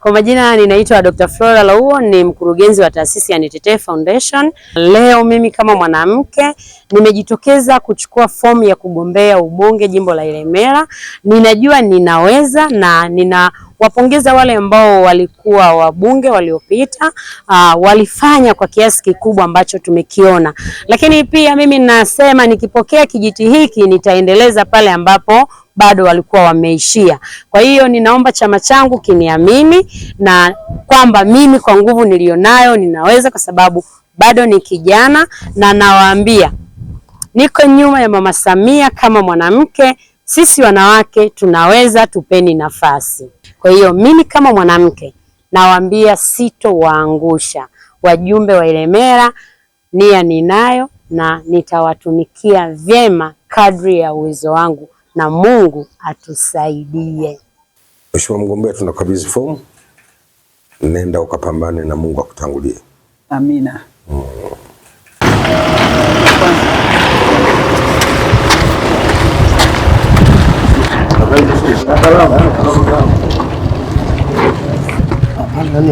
Kwa majina ninaitwa Dr. Flora Lauo, ni mkurugenzi wa taasisi ya Nitetee Foundation. Leo mimi kama mwanamke nimejitokeza kuchukua fomu ya kugombea ubunge jimbo la Ilemela. Ninajua ninaweza na nina wapongeza wale ambao walikuwa wabunge waliopita, uh, walifanya kwa kiasi kikubwa ambacho tumekiona, lakini pia mimi nasema nikipokea kijiti hiki nitaendeleza pale ambapo bado walikuwa wameishia. Kwa hiyo ninaomba chama changu kiniamini na kwamba mimi kwa nguvu nilionayo ninaweza, kwa sababu bado ni kijana, na nawaambia niko nyuma ya Mama Samia kama mwanamke. Sisi wanawake tunaweza, tupeni nafasi. Kwa hiyo mimi kama mwanamke nawaambia sitowaangusha wajumbe wa Ilemela, nia ninayo na nitawatumikia vyema kadri ya uwezo wangu na Mungu atusaidie. Mheshimiwa mgombea, tunakabidhi fomu, nenda ukapambane na Mungu akutangulie. Amina. Hmm.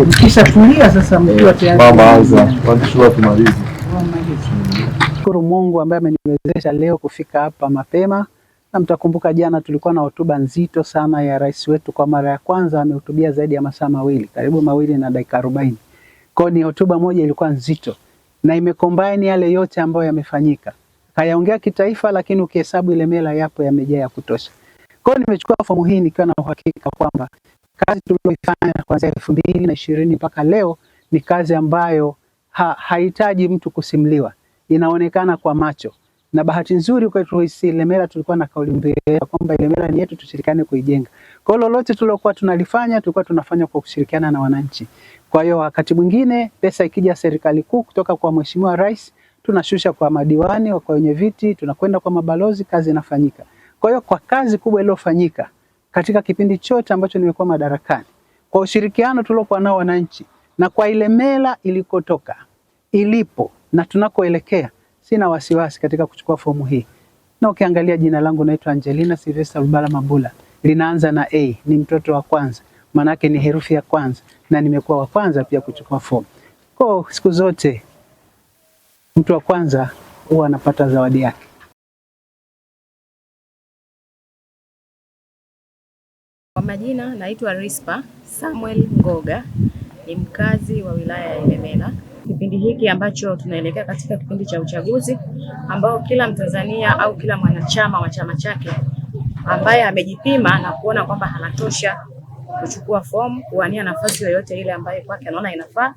Mkishafulia sasa mkiwa eh, Mungu ambaye ameniwezesha leo kufika hapa mapema, na mtakumbuka jana tulikuwa na hotuba nzito sana ya rais wetu. Kwa mara ya kwanza amehutubia zaidi ya masaa mawili, karibu mawili na dakika arobaini. Kwa ni hotuba moja ilikuwa nzito na imekombaini yale yote ambayo yamefanyika, kayaongea kitaifa, lakini ukihesabu ile mela yapo yamejaa ya kutosha. Kwa hiyo nimechukua fomu hii nikiwa na uhakika kwamba kazi tulioifanya kuanzia elfu mbili na ishirini mpaka leo ni kazi ambayo ha, hahitaji mtu kusimliwa inaonekana kwa macho. Na bahati nzuri kwetu sisi Ilemela tulikuwa na kauli mbiu kwamba Ilemela ni yetu, tushirikiane kuijenga. Kwa hiyo lolote tulokuwa tunalifanya tulikuwa tunafanya kwa kushirikiana na wananchi. Kwa hiyo wakati mwingine pesa ikija serikali kuu kutoka kwa Mheshimiwa Rais tunashusha kwa madiwani, kwa wenye viti, tunakwenda kwa mabalozi, kazi inafanyika. Kwa hiyo kwa kazi kubwa iliyofanyika katika kipindi chote ambacho nimekuwa madarakani, kwa ushirikiano tuliokuwa nao wananchi na kwa ile mela ilikotoka, ilipo na tunakoelekea, sina wasiwasi katika kuchukua fomu hii. Na ukiangalia jina langu naitwa Angelina Silvesta Lubala Mabula, linaanza na A, ni mtoto wa kwanza, maanake ni herufi ya kwanza, na nimekuwa wa kwanza pia kuchukua fomu. Kwa siku zote mtu wa kwanza huwa anapata zawadi yake. Kwa majina naitwa Rispa Samuel Ngoga, ni mkazi wa wilaya ya Ilemela. Kipindi hiki ambacho tunaelekea katika kipindi cha uchaguzi ambao kila Mtanzania au kila mwanachama wa chama chake ambaye amejipima na kuona kwamba anatosha kuchukua fomu kuwania nafasi yoyote ile ambayo kwake anaona inafaa,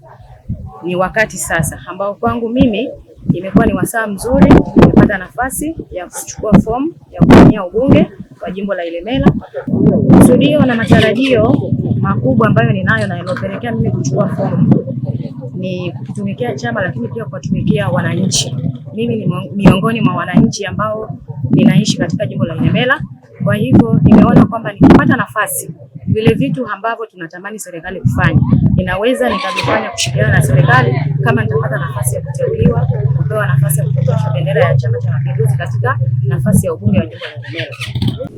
ni wakati sasa ambao kwangu mimi imekuwa ni wasaa mzuri, nimepata nafasi ya kuchukua fomu ya kuwania ubunge kwa jimbo la Ilemela. Kusudio na matarajio makubwa ambayo ninayo na yanayopelekea mimi kuchukua fomu ni kutumikia chama, lakini pia kuwatumikia wananchi. Mimi ni miongoni mwa wananchi ambao ninaishi katika jimbo la Ilemela. Kwa hivyo nimeona kwamba nikipata nafasi, vile vitu ambavyo tunatamani serikali kufanya ninaweza nikavifanya kushirikiana na serikali, kama nitapata nafasi ya kuteuliwa, kupewa nafasi ya kupeperusha bendera ya Chama cha Mapinduzi katika nafasi ya ubunge wa jimbo la Ilemela.